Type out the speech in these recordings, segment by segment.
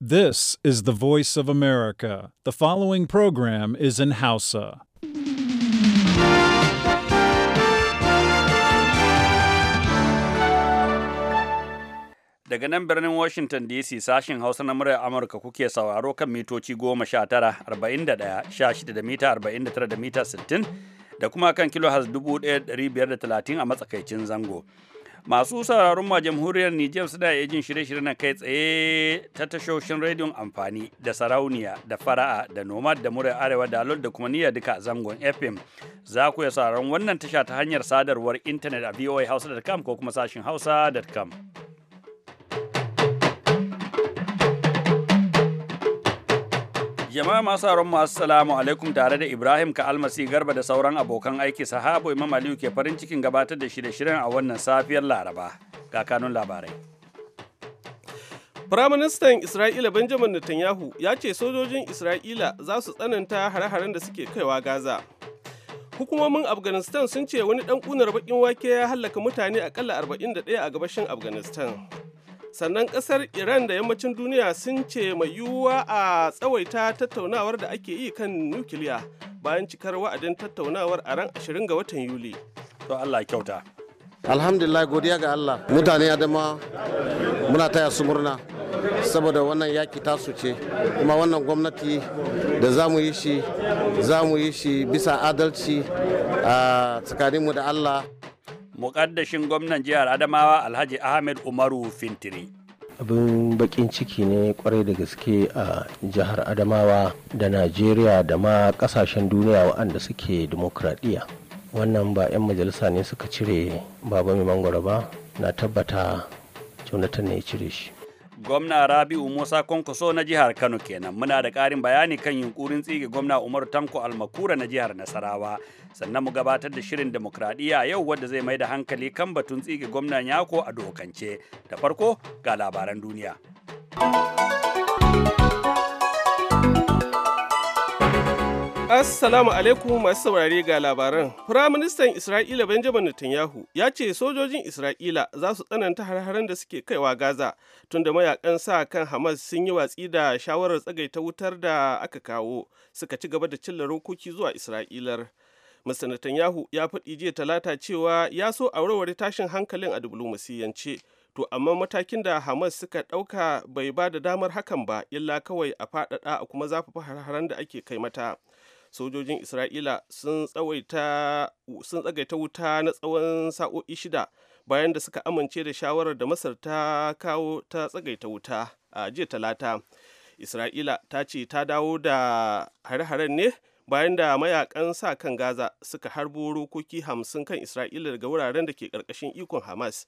This is the voice of America. The following program is in Hausa. Daga nan birnin Washington DC sashen Hausa na murar Amurka kuke sauraro kan mitoci goma sha tara, arba'in da ɗaya, sha shida da mita, arba'in da tara da mita sittin, da kuma kan kilo has dubu ɗaya ɗari biyar da talatin a matsakaicin zango. masu sauraron ma jamhuriyar Nijar suna iya jin shirye-shiryen nan kai tsaye ta tashoshin rediyon amfani da sarauniya da fara'a da nomad da murar arewa da alol da kuma niyya duka zangon FM za ku iya sauraron wannan tasha ta hanyar sadarwar intanet a voahausa.com ko kuma sashin hausa.com. Jama'a masu sauraron mu assalamu alaikum tare da Ibrahim ka almasi garba da sauran abokan aiki sahabo Imam Aliyu ke farin cikin gabatar da shirye-shiryen a wannan safiyar Laraba. Ga kanun labarai. Firaministan Isra'ila Benjamin Netanyahu ya ce sojojin Isra'ila za su tsananta hare-haren da suke kaiwa Gaza. Hukumomin Afghanistan sun ce wani ɗan ƙunar baƙin wake ya hallaka mutane akalla 41 a gabashin Afghanistan. sannan kasar iran da yammacin duniya sun ce mai yiwuwa a tsawaita tattaunawar da ake yi kan nukiliya bayan cikar wa'adin tattaunawar a ran 20 ga watan yuli to allah kyauta alhamdulillah godiya ga allah mutane adama muna taya su murna saboda wannan yaki tasu ce kuma wannan gwamnati da za mu yi shi za mu yi shi bisa adalci a tsakaninmu da allah muƙaddashin gwamnan jihar adamawa alhaji ahmed umaru fintiri abin bakin ciki ne kwarai da gaske a jihar adamawa da najeriya da ma kasashen duniya waɗanda suke demokradiyya wannan ba 'yan majalisa ne suka cire baba mai mangoro ba na tabbata jonathan ne ya cire shi gwamna rabi'u musa kwankwaso na jihar kano kenan muna da ƙarin bayani kan yunkurin tsige gwamna umar tanko almakura na jihar nasarawa sannan mu gabatar da shirin demokradiyya yau wadda zai mai da hankali kan batun tsige gwamnan yako a dokance da farko ga labaran duniya Assalamu alaikum masu saurare ga labaran. Firaministan Isra'ila Benjamin Netanyahu ya ce sojojin Isra'ila za su tsananta har da suke kaiwa Gaza tunda mayakan sa kan Hamas sun yi watsi da shawarar tsagaita wutar da aka kawo suka ci gaba da cilla rokoki zuwa Isra'ilar. Mr. Netanyahu ya faɗi jiya talata cewa ya so a warware tashin hankalin a diflomasiyance. to amma matakin da hamas suka ɗauka bai ba da damar hakan ba illa kawai a faɗaɗa a kuma zafafa har-haren da ake kai mata sojojin isra'ila sun tsagaita wuta na tsawon sa'o'i shida bayan da suka amince da shawarar da masar ta kawo ta tsagaita wuta a jiya talata isra'ila ta ce ta dawo da hare-haren ne bayan da mayakan sa kan gaza suka harbo rokoki hamsin kan isra'ila daga wuraren da ke karkashin ikon hamas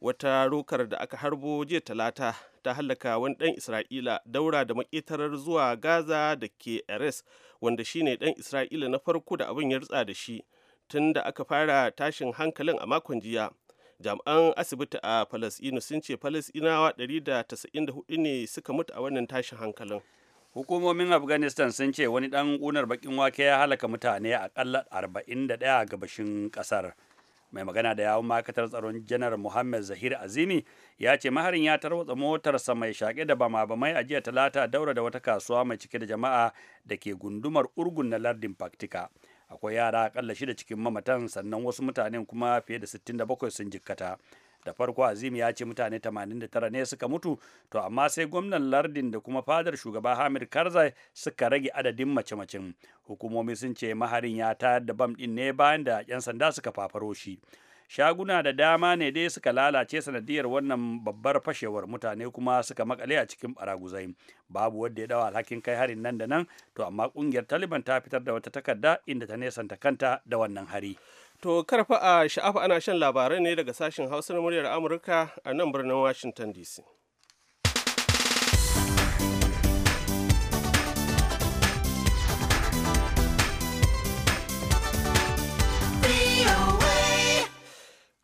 wata rokar da aka harbo jiya talata ta hallaka wani ɗan Isra'ila daura da maƙetarar zuwa Gaza da ke Eres wanda shine ɗan Isra'ila na farko da abin ya rutsa da shi tun da aka fara tashin hankalin a makon jiya. Jami'an asibiti a Falasɗinu sun ce Falasɗinawa 194 ne suka mutu a wannan tashin hankalin. hukumomin afghanistan sun ce wani ɗan ƙunar bakin wake ya halaka mutane akalla 41 a gabashin ƙasar. mai magana da yawun ma'aikatar tsaron janar muhammad zahir azimi ya ce maharin ya tarwatsa motarsa mai shaƙe da bama bamai a jiya talata daura da wata kasuwa mai cike da jama'a da ke gundumar urgun na lardin faktika akwai yara akalla shida cikin mamatan sannan wasu mutanen kuma fiye da 67 sun jikkata da farko azim ya ce mutane 89 ne suka mutu to amma sai gwamnan lardin da kuma fadar shugaba Hamir karzai suka rage adadin mace-macen hukumomi sun ce maharin ya tayar da bam din ne bayan da 'yan sanda suka fafaro shi shaguna da dama ne dai suka lalace sanadiyar wannan babbar fashewar mutane kuma suka makale a cikin baraguzai babu wanda ya dawa alhakin kai harin nan da nan to amma kungiyar taliban ta fitar da wata takarda inda ta nesanta kanta da wannan hari To karfa a sha'afa ana shan labarai ne daga sashen Hausa na muryar Amurka a nan birnin Washington DC.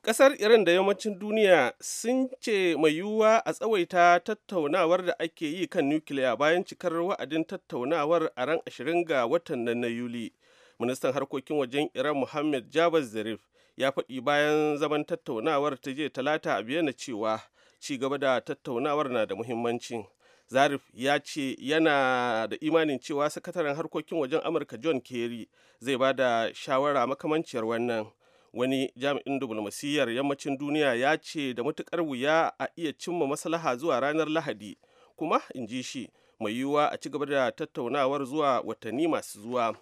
Ƙasar Iran da yammacin duniya sun ce mai yiwuwa a tsawaita tattaunawar da ake yi kan nukiliya bayan cikar wa'adin tattaunawar a ran 20 ga watan nan na Yuli. ministan harkokin wajen iran muhammad jabaz zarif ya faɗi bayan zaman tattaunawar ta je talata a biyana cewa ci gaba da tattaunawar na da muhimmanci zarif ya ce yana da imanin cewa sakataren harkokin wajen amurka john kerry zai ba da shawara makamanciyar wannan wani jami'in diflomasiyyar yammacin duniya ya ce da matukar wuya a iya cimma maslaha zuwa ranar lahadi kuma in ji shi mai yiwuwa a ci gaba da tattaunawar zuwa watanni masu zuwa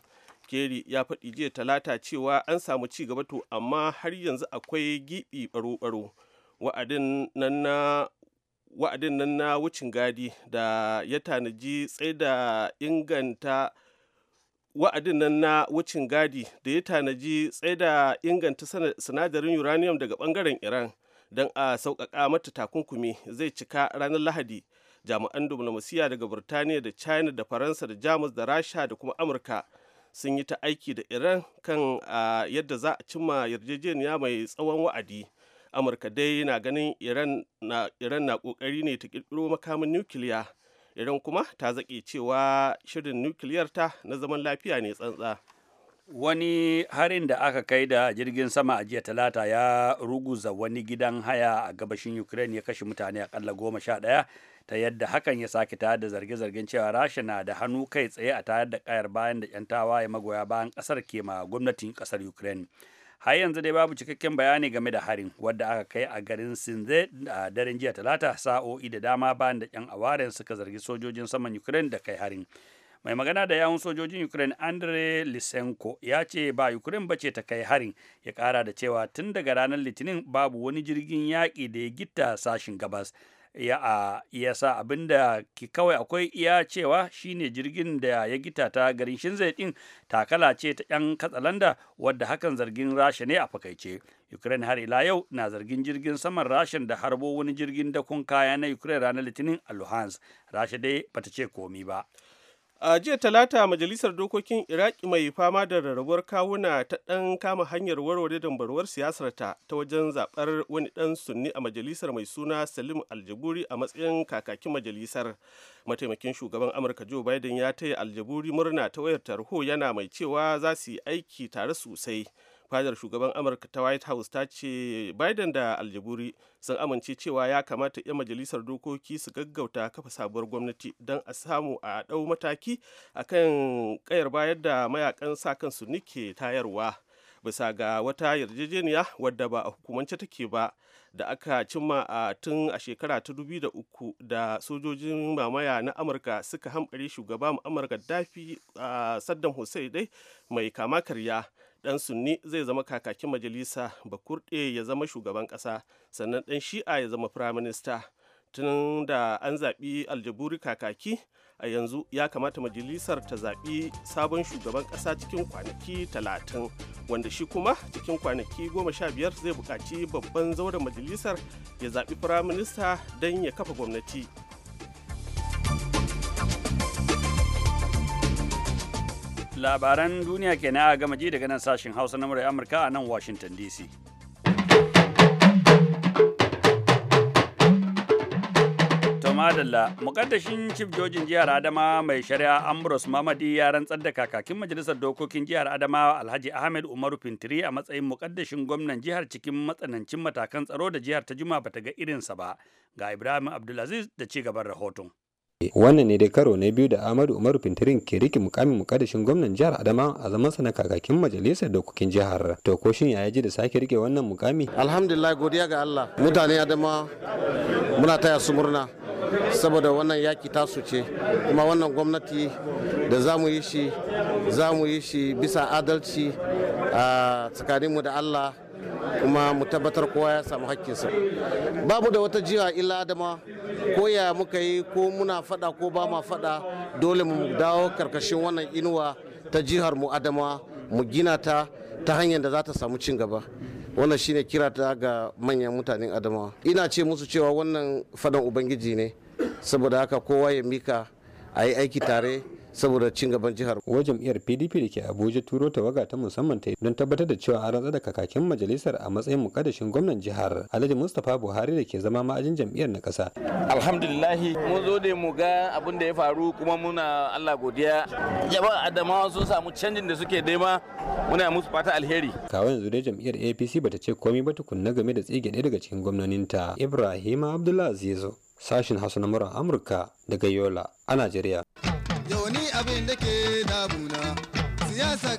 Kerry ya faɗi jiya talata cewa an samu ci gaba to amma har yanzu akwai giɓi baro-baro. Wa'adin nan na wucin gadi da ya tanaji tsaida inganta wa'adin nan na wucin gadi da ya tanaji da inganta sinadarin uranium daga bangaren iran don a sauƙaƙa mata takunkumi zai cika ranar lahadi jami'an diflomasiyya daga burtaniya da china da faransa da jamus da rasha da kuma amurka sun yi ta aiki da iran kan yadda za a cimma yarjejeniya mai tsawon wa'adi amurka dai na ganin iran na kokari ne ta kirkiro makamin nukiliya iran kuma ta zaƙe cewa shirin nukiliyar ta na zaman lafiya ne tsantsa wani harin da aka kai da jirgin sama a jiya talata ya ruguza wani gidan haya a gabashin ukraine ya kashe mutane akalla goma sha 11. ta yadda hakan ya sake tayar da zarge-zargen cewa rasha na da hannu kai tsaye a tayar da kayar bayan da 'yan tawaye magoya bayan kasar ke ma gwamnatin kasar ukraine har yanzu dai babu cikakken bayani game da harin wadda aka kai a garin sinze a daren jiya talata sa'o'i da dama bayan da 'yan awaren suka zargi sojojin saman ukraine da kai harin mai magana da yawun sojojin ukraine andre lisenko ya ce ba ukraine bace ta kai harin ya kara da cewa tun daga ranar litinin babu wani jirgin yaƙi da ya gitta sashin gabas ya sa abin da kawai akwai iya cewa shine jirgin da ya gita ta garin shinzai din takala ce ta 'yan katsalanda wadda hakan zargin rasha ne a fakaice ukraine har ila yau na zargin jirgin saman rashin da harbo wani jirgin dakon kaya na ukraine ranar litinin a luhans rasha dai bata ce komi ba a jiya talata majalisar dokokin iraki mai fama da rarrabuwar kawuna ta ɗan kama hanyar warware dambarwar siyasarta ta wajen zaɓar wani ɗan sunni a majalisar mai suna salim aljaburi a matsayin kakakin majalisar mataimakin shugaban amurka joe biden ya taya aljaburi murna ta wayar tarho yana mai cewa za su yi aiki tare sosai fadar shugaban amurka ta white house ta ce biden da aljaburi sun amince cewa ya kamata 'yan majalisar dokoki su gaggauta kafa sabuwar gwamnati don a samu a dau mataki a kan kayar bayar da mayakan sa kansu nike tayarwa bisa ga wata yarjejeniya wadda ba a hukumance take ba da aka cimma a tun a shekara ta dubi da uku da sojojin mamaya na amurka suka hamɓare shugaba amurka dafi a saddam hussein dai mai kama karya dan sunni zai zama kakakin majalisa bakurde ya zama shugaban kasa sannan dan shi'a ya zama firaminista tun da an zaɓi aljaburi kakaki a yanzu ya kamata majalisar ta zaɓi sabon shugaban ƙasa cikin kwanaki talatin wanda shi kuma cikin kwanaki goma sha biyar zai buƙaci babban zauren majalisar ya zaɓi firaminista don ya kafa gwamnati labaran duniya ke na gama ji daga nan sashen hausa na murai amurka a nan washington dc madalla mukaddashin chief jojin jihar adama mai shari'a ambrose mamadi ya rantsar da kakakin majalisar dokokin jihar adama alhaji ahmed umaru fintiri a matsayin mukaddashin gwamnan jihar cikin matsanancin matakan tsaro da jihar ta juma bata ga irinsa ba ga ibrahim abdulaziz da ci gaban rahoton wannan ne dai karo na biyu da Ahmadu Umaru Fintirin ke riki mukamin mukaddashin gwamnan jihar Adama a sa na kakakin majalisar dokokin jihar to ko shin ya ji da sake rike wannan mukami alhamdulillah godiya ga Allah mutane Adama muna taya su murna saboda wannan yaki tasu ce kuma wannan gwamnati da za mu yi shi za mu yi shi bisa adalci a tsakaninmu da Allah kuma mu tabbatar kowa ya samu hakkinsa babu da wata jiha illa adama ko ya muka yi ko muna fada ko ba ma fada dole mu dawo karkashin wannan inuwa ta jihar mu adama mu gina ta ta hanyar da za ta samu cin gaba wannan shine kira ta ga manyan mutanen adamawa ina ce musu cewa wannan fadan ubangiji ne saboda haka kowa ya mika a yi aiki tare saboda cin gaban jihar. Wa jam'iyyar PDP da ke Abuja turo ta waga ta musamman ta don tabbatar da cewa an rantsa da kakakin majalisar a matsayin mukaddashin gwamnan jihar Alhaji Mustapha Buhari da ke zama ma'ajin jam'iyyar na ƙasa. Alhamdulillahi mun zo da mu ga abin da ya faru kuma muna Allah godiya. Jama'a Adamawa sun samu canjin da suke nema muna musu fata alheri. Kawo yanzu dai jam'iyyar APC bata ce komai ba tukunna game da tsige daga cikin gwamnaninta. Ibrahim Abdullahi Azizu sashin Hausa na Amurka daga Yola a Najeriya. abin da ke damuna siyasa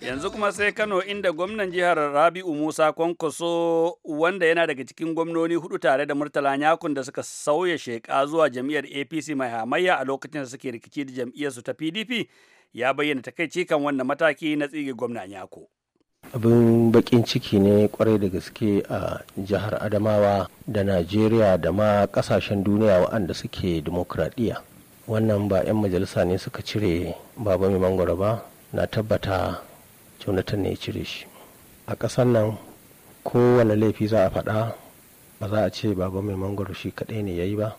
yanzu kuma sai kano inda gwamnan jihar rabi'u musa kwankwaso wanda yana daga cikin gwamnoni hudu tare da murtala Nyakon da suka sauya sheka zuwa jam'iyyar apc mai hamayya a lokacin da suke rikici da jam'iyyarsu ta pdp ya bayyana takaici kan wannan mataki na tsige gwamna nyako abin bakin ciki ne kwarai da gaske a jihar adamawa da najeriya da ma kasashen duniya waɗanda suke demokradiyya wannan ba 'yan majalisa ne suka cire baba mai mangoro ba na tabbata jonathan ne cire shi a ƙasar nan kowane laifi za a faɗa ba za a ce baba mai mangoro shi kaɗai ne ya yi ba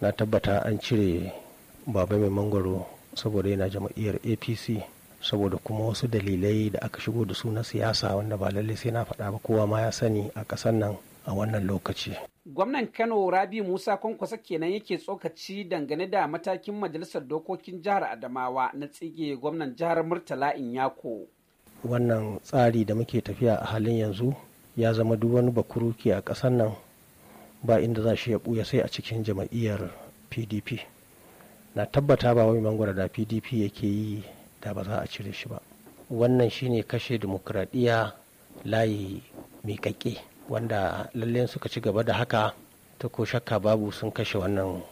na tabbata an cire baba mai mangoro saboda yana jam'iyyar apc saboda kuma wasu dalilai da aka shigo da su na siyasa wanda ba lallai sai na faɗa ba kowa ma ya sani a ƙasar nan a wannan lokaci. Gwamnan Kano Rabi Musa Kwankwasa kenan yake tsokaci dangane da matakin Majalisar Dokokin Jihar Adamawa na tsige gwamnan jihar Murtala Inyako. Wannan tsari da muke tafiya a halin yanzu ya zama duk wani bakuruki a ƙasar nan ba inda za shi ya buya sai a cikin jama'iyyar PDP. Na tabbata ba wai mangwara da PDP yake yi da ba za a cire shi ba wannan shine kashe demokradiyya layi mai miƙaƙe wanda lallai suka ci gaba da haka ta ko shakka babu sun kashe wannan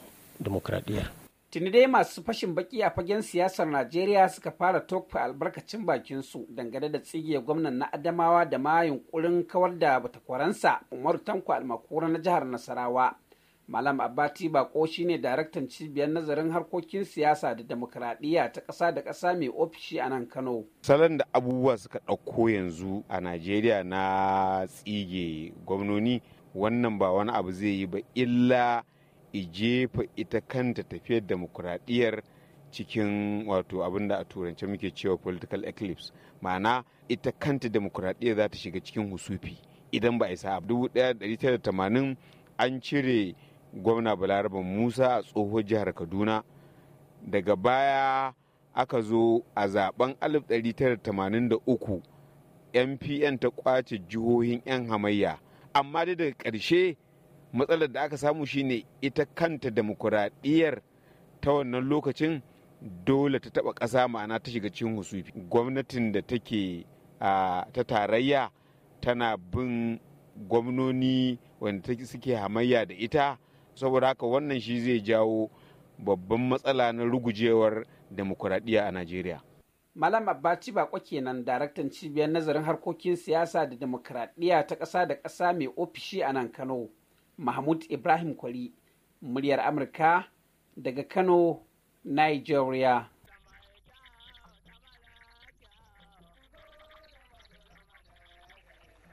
demokradiyya tuni dai masu fashin baki a fagen siyasar najeriya suka fara tofa albarkacin bakin su dangane da tsigiyar gwamnan na adamawa da ma yunkurin kawar da batakwaransa umaru tanko almakura na jihar nasarawa Malam Abbati Bako shine daraktan cibiyar nazarin harkokin siyasa da demokradiyya ta ƙasa da ƙasa mai ofishi a nan Kano. Salon da abubuwa suka ɗauko yanzu a Najeriya na tsige gwamnoni wannan ba wani abu zai yi ba illa ijefa ita kanta tafiyar demokradiyyar cikin wato abin a turance muke cewa political eclipse ma'ana ita kanta demokradiyyar za ta shiga cikin husufi idan ba a isa 1980 an cire gwamna balaraba musa a tsohon jihar kaduna daga baya aka zo a zaben 1983 mpn ta kwace jihohin 'yan hamayya amma dai daga ƙarshe matsalar da aka samu shine ita kanta demokuraɗiyar ta wannan lokacin dole ta taba ƙasa ma'ana ta shiga cikin husufi gwamnatin da take ta tarayya tana bin gwamnoni wanda suke hamayya da ita saboda haka wannan shi zai jawo babban matsala na rugujewar demokuraɗiyya a najeriya malam abbaci bako kenan daraktan cibiyar nazarin harkokin siyasa da demokuraɗiyya ta ƙasa da ƙasa mai ofishi a nan kano mahmud ibrahim kwari muryar amurka daga kano nigeria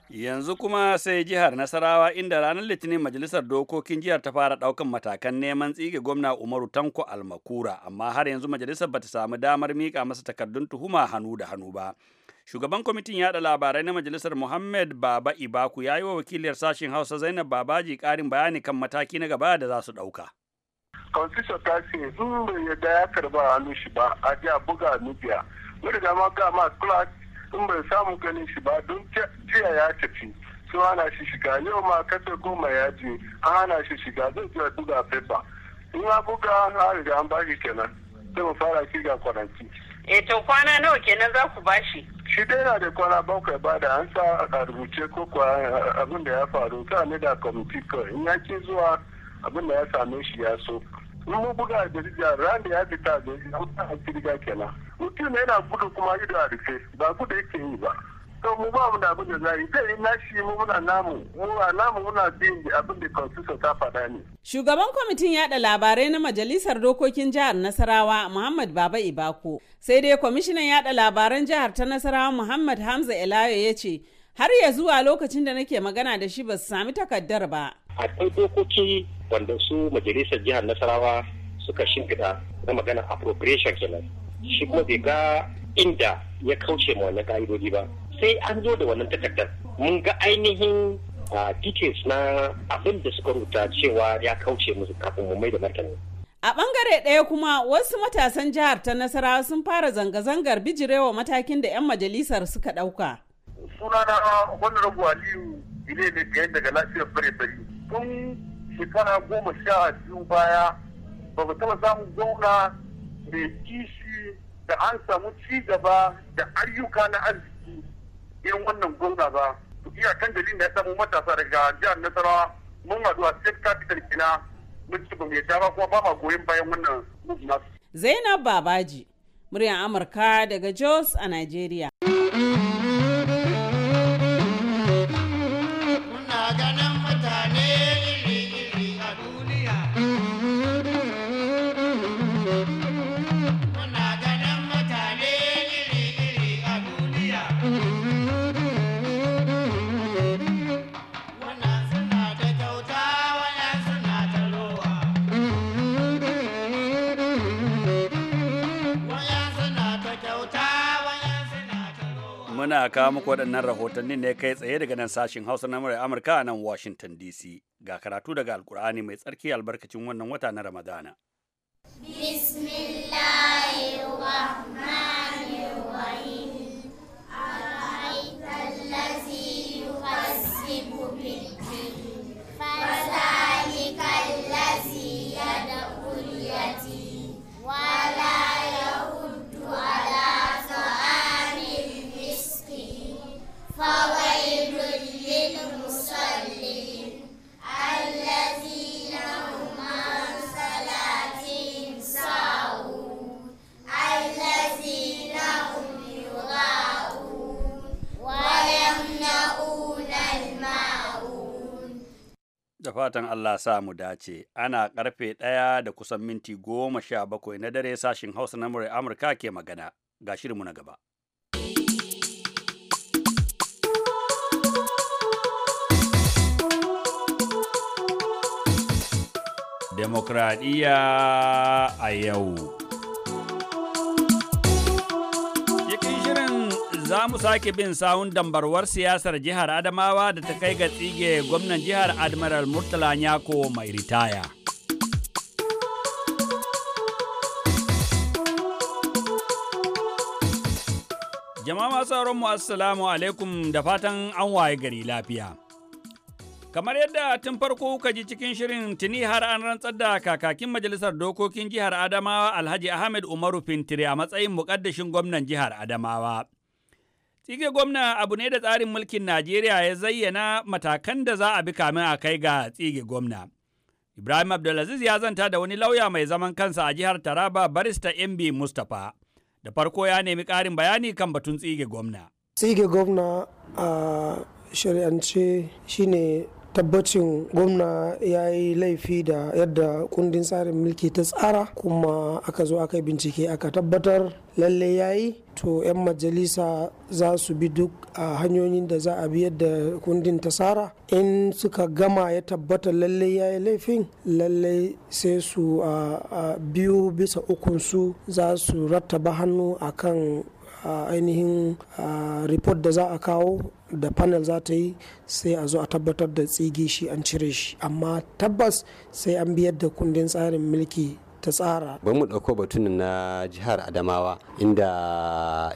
Yanzu kuma sai jihar Nasarawa inda ranar Litinin Majalisar Dokokin jihar ta fara ɗaukan matakan neman tsige gwamna Umaru Tanko Almakura, amma har yanzu majalisar bata samu damar mika masa takardun tuhuma hannu da hannu ba. Shugaban kwamitin yaɗa labarai na majalisar Muhammad Baba Ibaku ya yi wa wakiliyar sashen Hausa Zainab Babaji karin bayani kan mataki na gaba da za su ɗauka. Constitution ta ce in ya da ya karba hannu shi ba a ji buga nubiya. Wani dama ga ma class in ban samu ganin shi ba don jiya ya tafi sun hana shi shiga yau ma kasa goma ya je an hana shi shiga zai tura buga fefa in ya buga an riga an shi kenan zai mu fara ga kwananci. e eh, to kwana nawa kenan za ku bashi. shi dai na da kwana bakwai ba da an sa a rubuce ko abin da ya faru ta ne da kwamiti kawai in ya zuwa abin da ya same shi ya so. mun buga a jarida rani ya fita a jarida wuta a kirga kenan mutum yana gudu kuma ido a rufe ba gudu yake yi ba to mu ba mu da abin da za zai yi nashi mu muna namu mu a namu muna bin abin da constitution ta faɗa ne. Shugaban kwamitin yada labarai na majalisar dokokin jihar Nasarawa Muhammad Baba Ibako sai dai kwamishinan yada labaran jihar ta Nasarawa Muhammad Hamza Elayo ya ce har ya zuwa lokacin da nake magana da shi ba su sami takardar ba. Akwai dokoki wanda su majalisar jihar nasarawa suka shimfiɗa na magana appropriation kenan shi kuma bai ga inda ya kauce ma wannan ka'idodi ba sai an zo da wannan takardar mun ga ainihin details na abin da suka rubuta cewa ya kauce musu kafin mu mai da martani A bangare ɗaya kuma wasu matasan jihar ta Nasarawa sun fara zanga-zangar bijirewa matakin da 'yan majalisar suka ɗauka. Sunana rabu Aliyu Ile ne daga lafiyar bare-bare. Tun shekara goma sha biyu baya ba mu taɓa samun zauna mai kishi da an samu ci gaba da ayyuka na arziki irin wannan gwamna ba kan dalilin da ya samu matasa daga jihar nasarawa mun haɗu a state capital kina mun ci ba mai ba kuma ba ma goyon bayan wannan zainab babaji muryar amurka daga jos a nigeria. muna kawo muku waɗannan rahotannin ne kai tsaye daga nan sashin Hausa na murar Amurka a nan Washington DC. Ga karatu daga Alkur'ani mai tsarki albarkacin wannan wata na Ramadana. Bismillahirrahmanirrahim. da fatan Allah sa mu dace ana karfe ɗaya da kusan minti goma sha bakwai na dare sashin hausa na murai amurka ke magana ga shirinmu na gaba demokradiyya a yau Za mu sake bin sawun dambarwar siyasar jihar Adamawa da ta kai ga tsige gwamnan jihar Admiral Murtala Nyako mai ritaya. Jama'a sauran mu assalamu alaikum da fatan an waye gari lafiya. Kamar yadda tun farko kuka ji cikin shirin tuni har an rantsar da kakakin majalisar dokokin jihar Adamawa Alhaji Ahmed Umaru Fintiri a matsayin muƙaddashin gwamnan jihar Adamawa. tsige gwamna abu ne da tsarin mulkin Najeriya ya zayyana matakan da za a bi kamin a kai ga tsige gwamna. Ibrahim Abdulaziz ya zanta da wani lauya mai zaman kansa a jihar Taraba barista MB Mustapha. Da farko ya nemi ƙarin bayani kan batun tsige gwamna. Tsige gwamna a shari'ance shine tabbacin gwamna ya yi laifi da yadda kundin tsarin mulki ta tsara kuma aka zo aka bincike aka tabbatar lalle ya yi to 'yan majalisa za su bi duk a hanyoyin da za a bi yadda kundin ta tsara in suka gama ya tabbata lalle ya yi laifin lalle sai su a biyu bisa ukunsu za su rattaba hannu akan ainihin report da za a kawo da panel za ta yi sai a zo a tabbatar da tsigi shi an cire shi amma tabbas sai an biyar da kundin tsarin mulki ta tsara. Bari mu ɗauko batun na jihar Adamawa inda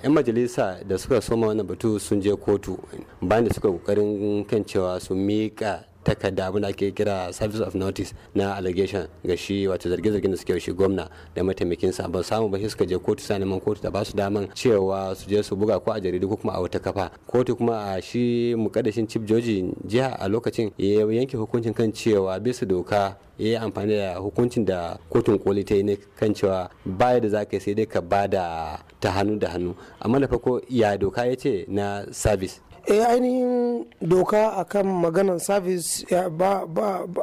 'yan majalisa da suka soma wannan batu sun je kotu bayan da suka kokarin kan cewa su mika takarda abin da ake kira service of notice na allegation ga shi wato zarge-zargen da suke shi gwamna da mataimakin sa ba samu ba suka je kotu sa neman kotu da ba su daman cewa su je su buga ko a jaridu ko kuma a wata kafa kotu kuma a shi mukaddashin chief joji jiha a lokacin ya yanke hukuncin kan cewa bisa doka ya yi amfani da hukuncin da kotun koli ta yi ne kan cewa baya da za ka sai dai ka ba da ta hannu da hannu amma da farko ya doka ya ce na service eh ainihin doka akan maganan service ba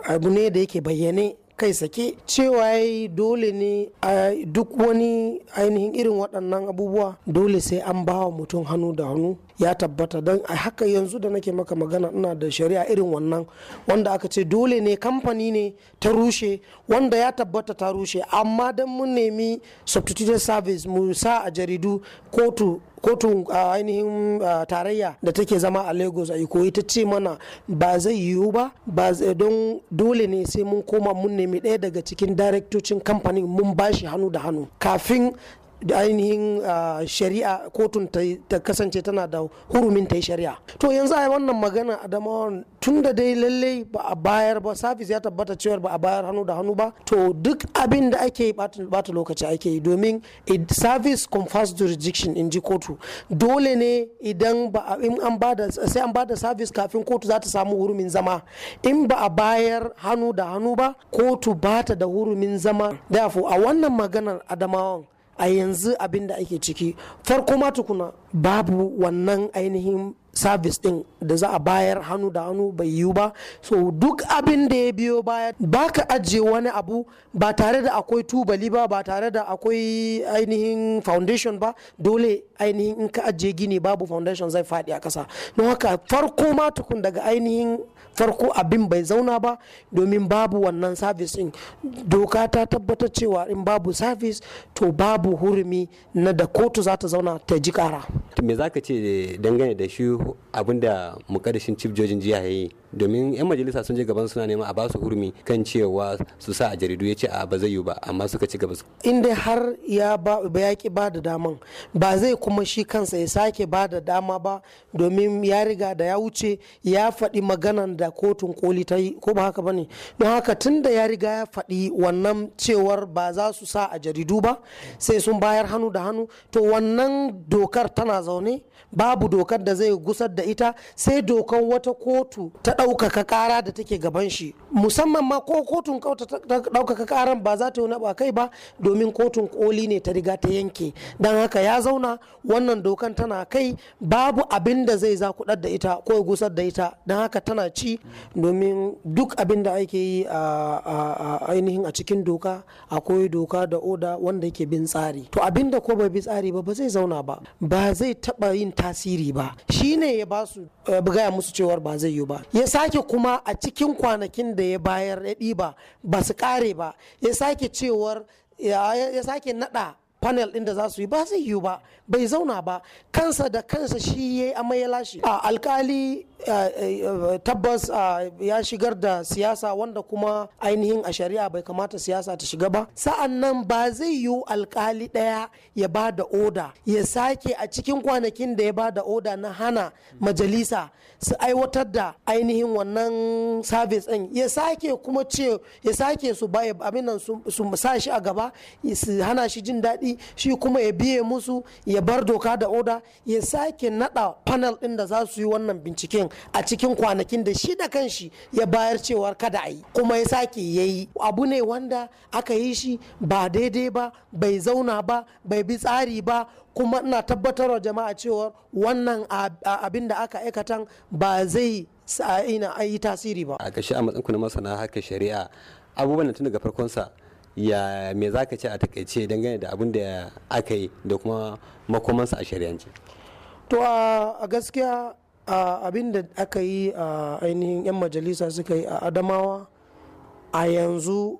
abu ne da yake bayyane kai sake cewa yi dole ne a duk wani ainihin irin waɗannan abubuwa dole sai an bawa mutum hannu da hannu ya tabbata don a haka yanzu da nake maka magana ina da shari'a irin wannan wanda aka ce dole ne kamfani ne ta rushe wanda ya tabbata ta rushe amma don mun nemi substituted service mu sa a jaridu kotu kotun ainihin tarayya da take zama a lagos a ikoyi ta ce mana ba zai yiwu ba ba don dole ne sai mun koma mun nemi ɗaya daga cikin daraktocin kamfanin mun bashi hannu da hannu kafin da ainihin ah, shari'a kotun ta kasance tana da hurumin ta shari'a to yanzu a wannan magana adamawan tun da dai lallai ba a bayar ba safis ya tabbata cewar ba a bayar hannu da hannu ba to duk abin da ake yi bata lokaci ake yi domin service confers jurisdiction in ji kotu dole ne idan ba a an bada sai an bada service kafin kotu za ta samu hurumin zama in ba a bayar hannu da hannu ba kotu bata da hurumin zama therefore a wannan maganar adamawan a yanzu abin da ake ciki farko ma tukuna babu wannan ainihin service din da za a bayar hannu da hannu bai yiwu ba so duk abin da ya biyo baya ba ka ajiye wani abu ba tare da akwai tubali ba ba tare da akwai ainihin foundation ba dole ainihin in ka ajiye gini babu foundation zai faɗi a ƙasa don haka farko ma tukun daga ainihin farko abin bai zauna ba domin babu wannan service din doka ta tabbatar cewa in babu service to babu hurumi na da kotu za ta zauna ta ji kara me za ka ce dangane da shi abinda mukaddashin chief jojin jiya ya yi domin yan majalisa sun je gaban suna neman a ba su hurmi kan cewa su sa a jaridu ya ce a ba zai yi ba amma suka ci gaba in dai har ya ba ya ba da daman ba zai kuma shi kansa ya sake ba da dama ba domin ya riga da ya wuce ya faɗi maganan da kotun koli ta yi ko ba haka bane don haka tun da ya riga ya faɗi wannan cewar ba za su sa a jaridu ba sai sun bayar hannu da hannu to wannan dokar tana zaune babu dokar da zai gusar da ita sai dokar wata kotu ta ɗaukaka ƙara da take gaban shi musamman ma ko kotun ɗaukaka ƙaran ba za ta yi ba kai ba domin kotun koli ne ta riga ta yanke don haka ya zauna wannan dokan tana kai babu abin da zai za da ita ko gusar da ita don haka tana ci domin duk abin da ake yi a ainihin a cikin doka akwai doka da oda wanda yake bin tsari to abin da ko bai bi tsari ba ba zai zauna ba ba zai taɓa yin tasiri ba shine ya ba su gaya musu cewar ba zai yi ba ya sake kuma a cikin kwanakin da ya bayar ya ɗiba ba su ƙare ba ya sake cewar ya sake naɗa panel ɗin da za su yi ba zai yiwu ba bai zauna ba kansa da kansa shi ya yi amai ya lashe a alkali tabbas ya shigar da siyasa wanda kuma ainihin a shari'a bai kamata siyasa ta shiga ba sa'an nan ba zai yiwu alkali ɗaya ya ba da oda ya sake a cikin kwanakin da ya ba da oda na hana majalisa su aiwatar da ainihin wannan sabis ɗin ya sake kuma ce ya sake su ba abinan su sa shi a gaba su hana shi jin daɗi shi kuma ya biye musu ya bar doka da oda ya sake naɗa panel ɗin da za su yi wannan binciken a cikin kwanakin da shi da kanshi ya bayar cewar kada a yi kuma ya sake ya yi abu ne wanda aka yi shi ba daidai ba bai zauna ba bai bi tsari ba kuma ina tabbatar wa jama'a cewar wannan abin da aka aikatan ba zai ina yi tasiri ba a kashi a matsanku na masana haka shari'a abubuwan tun daga farkonsa ya me za ka ce a takaice dangane da abin da aka yi da kuma makomansa a shari'ance to a gaskiya abin da aka yi a ainihin 'yan majalisa suka yi a adamawa a yanzu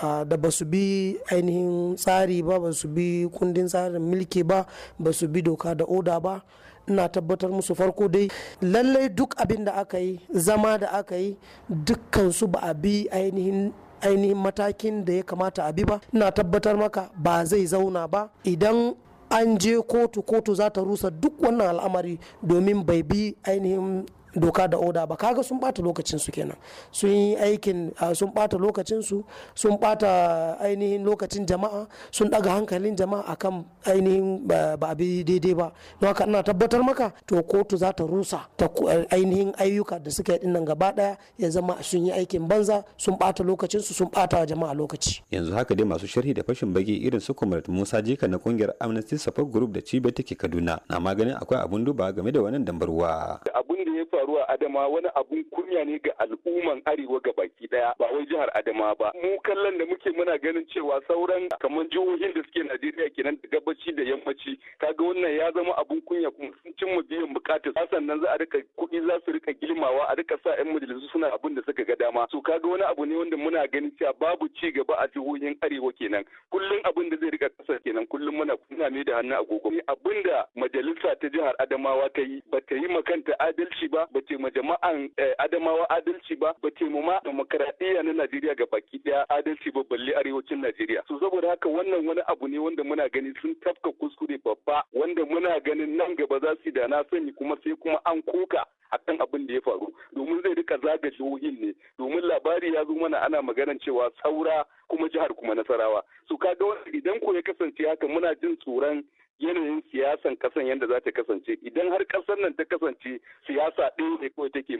da ba su bi ainihin tsari ba ba su bi kundin tsarin mulki ba ba su bi doka da oda ba ina tabbatar musu farko dai lallai duk abin da aka yi zama da aka yi dukkansu ba a bi ainihin ainihin matakin da ya kamata a bi ba ina tabbatar maka ba zai zauna ba idan an je kotu kotu za ta rusa duk wannan al'amari domin bai bi ainihin doka da oda ba kaga sun bata lokacin su kenan sun yi aikin sun bata lokacin su sun bata ainihin lokacin jama'a sun daga hankalin jama'a akan ainihin ba abi daidai ba don haka ina tabbatar maka to kotu za ta rusa ta ainihin ayyuka da suka yi dinnan gaba daya ya zama sun yi aikin banza sun bata lokacin su sun bata jama'a lokaci yanzu haka dai masu sharhi da fashin bage irin su Comrade Musa Jika na kungiyar Amnesty Support Group da Cibiyar take Kaduna na maganin akwai abun duba game da wannan dambarwa abun da ya faruwa a Adama wani abun kunya ne ga al'umman Arewa ga baki daya ba wai jihar Adama ba. Mu kallon da muke muna ganin cewa sauran kamar jihohin da suke Najeriya kenan da gabaci da yammaci kaga wannan ya zama abun kunya kuma sun mu biyan bukatar hasan nan za a rika kuɗi za su rika gilmawa. a rika sa 'yan majalisu suna abun da suka ga dama. So kaga wani abu ne wanda muna ganin cewa babu ci gaba a jihohin Arewa kenan. Kullum abin da zai rika kasar kenan kullum muna kuna ne da hannu agogo. Abin da majalisa ta jihar Adamawa ta yi ba ta yi makanta adalci ba ba ce ma jama'an eh, adamawa adalci ba ba ce ma demokaradiyya na najeriya ga baki daya adalci ba balle arewacin najeriya su saboda haka wannan wani abu ne wanda muna gani sun tafka kuskure babba wanda muna ganin nan gaba za su da na sani kuma sai kuma an kuka akan abin da ya faru domin zai rika zaga jihohin ne domin labari ya zo mana ana maganan cewa saura kuma jihar kuma nasarawa su kaga idan ko ya kasance haka muna jin tsoron yanayin siyasan kasan yadda za ta kasance idan har kasan nan ta kasance siyasa ɗaya ne kawai take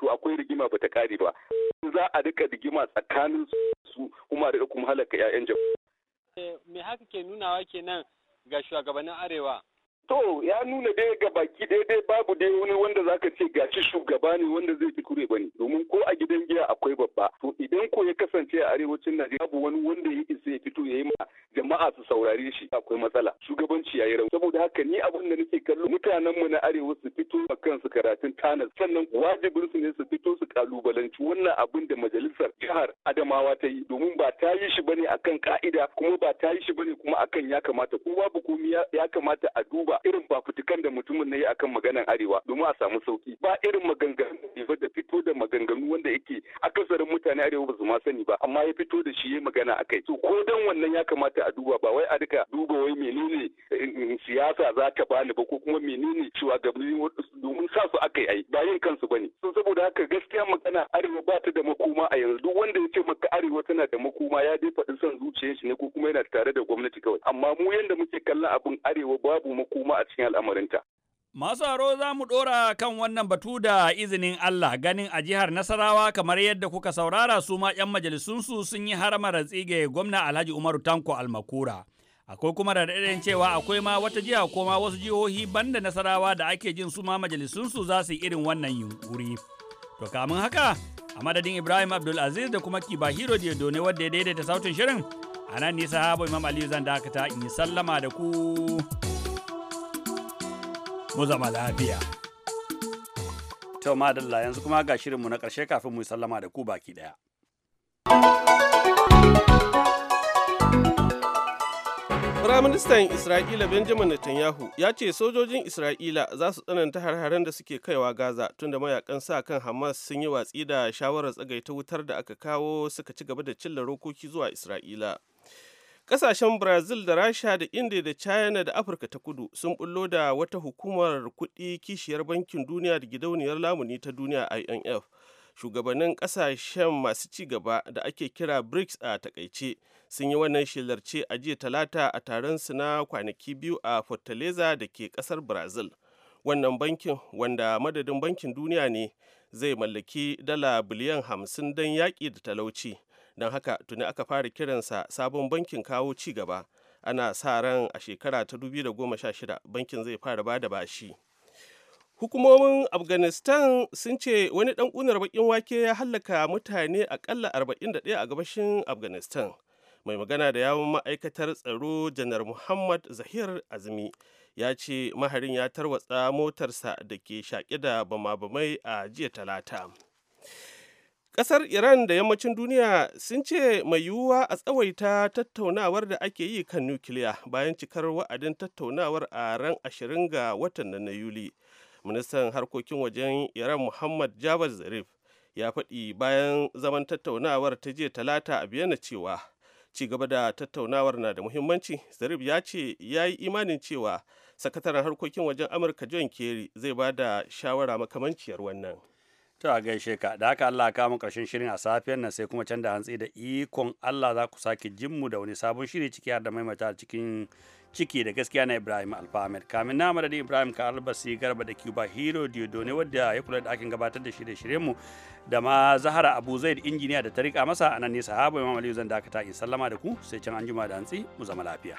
to akwai rigima ba ta kare ba za a rika rigima tsakanin su kuma da kuma halaka 'ya'yan jama'a. Eh, me haka ke nunawa kenan ga shugabannin arewa To ya nuna dai ga baki daidai babu da wani wanda zaka ce gashi shugaba ne wanda zai fi kure bane domin ko a gidan giya akwai babba to idan ko ya kasance a arewacin Najeriya babu wani wanda ya isa ya fito ya yi ma jama'a su saurare shi akwai matsala shugabanci yayi rauni saboda haka ni abin da nake kallo mutanen mu na arewa su fito a kansu karatun tanas sannan wajibin su ne su fito su kalubalanci wannan abin da majalisar jihar Adamawa ta yi domin ba ta yi shi bane akan ka'ida kuma ba ta yi shi bane kuma akan ya kamata ko babu komai ya kamata a duba duba irin fitikan da mutumin na yi akan maganan arewa domin a samu sauki ba irin maganganu da fito da maganganu wanda yake akasarin mutane arewa ba su ma sani ba amma ya fito da shi ya magana akai to ko dan wannan ya kamata a duba ba wai a duka duba wai menene eh, eh, siyasa za ta bani ba ko kuma menene shugabanni domin sa su akai ai ba yin kansu bane so saboda haka gaskiya magana arewa ba ta da makoma a yanzu duk wanda ya ce maka arewa tana da makoma ya dai faɗi son zuciyar shi ne ko kuma yana tare da gwamnati kawai amma mu yanda muke kallon abin arewa babu makoma kuma a cikin al'amarinta. Masu haro za mu ɗora kan wannan batu da izinin Allah ganin a jihar Nasarawa kamar yadda kuka saurara su ma 'yan majalisunsu sun yi haramar tsige gwamna Alhaji Umaru Tanko Almakura. Akwai kuma raɗaɗin cewa akwai ma wata jiha ko ma wasu jihohi banda Nasarawa da ake jin su ma majalisunsu za su yi irin wannan yunkuri. To kamun haka, a madadin Ibrahim Abdulaziz da kuma Kiba Hiro ne wadda ya daidaita sautin shirin, a nan nisa Imam Aliyu zan dakata in yi sallama da ku. mu zama lafiya to madalla yanzu kuma ga shirinmu na ƙarshe kafin mu sallama da ku baki ɗaya. Firaministan Isra'ila Benjamin Netanyahu ya ce sojojin Isra'ila za su tsananta har-haren da suke kaiwa Gaza tunda mayakan sa kan Hamas sun yi watsi da shawarar tsagaita wutar da aka kawo suka ci gaba da cilla rokoki zuwa Isra'ila. Ƙasashen Brazil da Rasha da India da China da Afirka ta kudu sun bullo da wata hukumar kuɗi kishiyar bankin duniya da gidauniyar lamuni ta duniya IMF. Shugabannin ƙasashen masu ci gaba da ake kira BRICS a takaice sun yi wannan shelarce a jiya talata a taron su na kwanaki biyu a Fortaleza da ke ƙasar Brazil. Wannan bankin wanda madadin bankin duniya ne zai mallaki dala biliyan hamsin don yaƙi da talauci. don haka tuni aka fara kiransa sabon bankin kawo ci gaba ana sa ran a shekara ta 2016 bankin zai fara ba da bashi hukumomin afghanistan sun ce wani dan kunar bakin wake ya hallaka mutane akalla 41 a gabashin afghanistan mai magana da yawon ma'aikatar tsaro janar muhammad zahir azmi ya ce maharin ya tarwatsa motarsa da ke shaƙi da bama-bamai a jiya talata Ƙasar Iran da yammacin duniya sun ce mai yiwuwa a tsawaita tattaunawar da ake yi kan nukiliya bayan cikar wa'adin tattaunawar a ran 20 ga watan nan na Yuli. Ministan harkokin wajen Iran Muhammad Javad Zarif ya faɗi bayan zaman tattaunawar ta je talata a Biyana cewa ci gaba da tattaunawar na da muhimmanci zarif ya ce ya yi imanin cewa sakataren harkokin wajen amurka john kerry zai ba da shawara makamanciyar wannan To a gaishe ka, da haka Allah kama mu karshen shirin a safiyar nan sai kuma can da hantsi da ikon Allah za ku sake jin mu da wani sabon shiri ciki har da maimaita cikin ciki da gaskiya na Ibrahim Alfahamed. Kamin na madadin Ibrahim ka albasi garba da Cuba Hero Diodo ne wadda ya kula da akin gabatar da shirye shiryenmu da ma Zahara Abu Zaid injiniya da ta rika masa anan ne sahaba Imam Aliyu zan dakata in sallama da ku sai can anjima da hantsi mu zama lafiya.